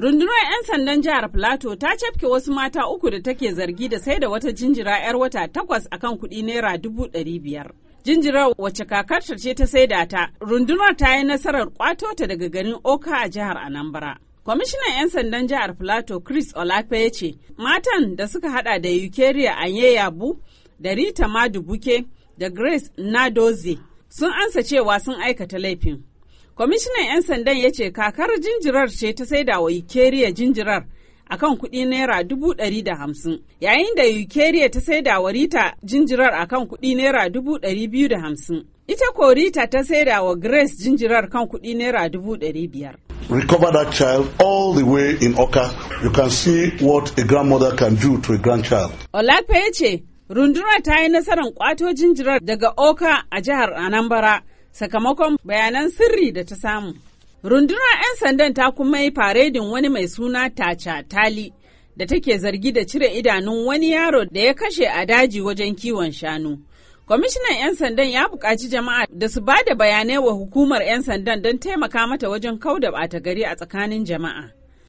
Rundunar 'yan sandan jihar Plateau ta cafke wasu mata uku da take zargi da sai da wata jinjira 'yar wata takwas akan kuɗi naira dubu ɗari biyar. Jinjirar wacce kakarta ce ta saida ta, rundunar ta yi nasarar kwato ta daga garin Oka a jihar Anambra. Kwamishinan 'yan sandan jihar Plateau Chris Olafe ya ce, matan da suka hada da Eukeria Anyeyabu da Rita Madubuke da Grace Nadoze sun ansa cewa sun aikata laifin. Kwamishinan 'yan sandan ya ce kakar jinjirar ce ta saida wa Ikeriya jinjirar akan kuɗi naira dubu ɗari da hamsin yayin da Yukeriya ta saida wa Rita jinjirar akan kuɗi naira dubu ɗari biyu da hamsin. Ita ko Rita ta saida wa Grace jinjirar kan kuɗi naira dubu ɗari biyar. Recover that child all the way in Oka. You can see what a grandmother can do to a grandchild. Olape ya ce rundunar ta yi nasarar kwato jinjirar daga Oka a jihar Anambra. sakamakon bayanan sirri da ta samu. Rundunar 'yan sandan ta kuma yi faredin wani mai suna Tacha Tali da take zargi da cire idanun wani yaro da ya kashe a daji wajen kiwon shanu. Kwamishinan 'yan sandan ya buƙaci jama'a da su ba da bayanai wa hukumar 'yan sandan don taimaka mata wajen kauda ɓata gari a tsakanin jama'a.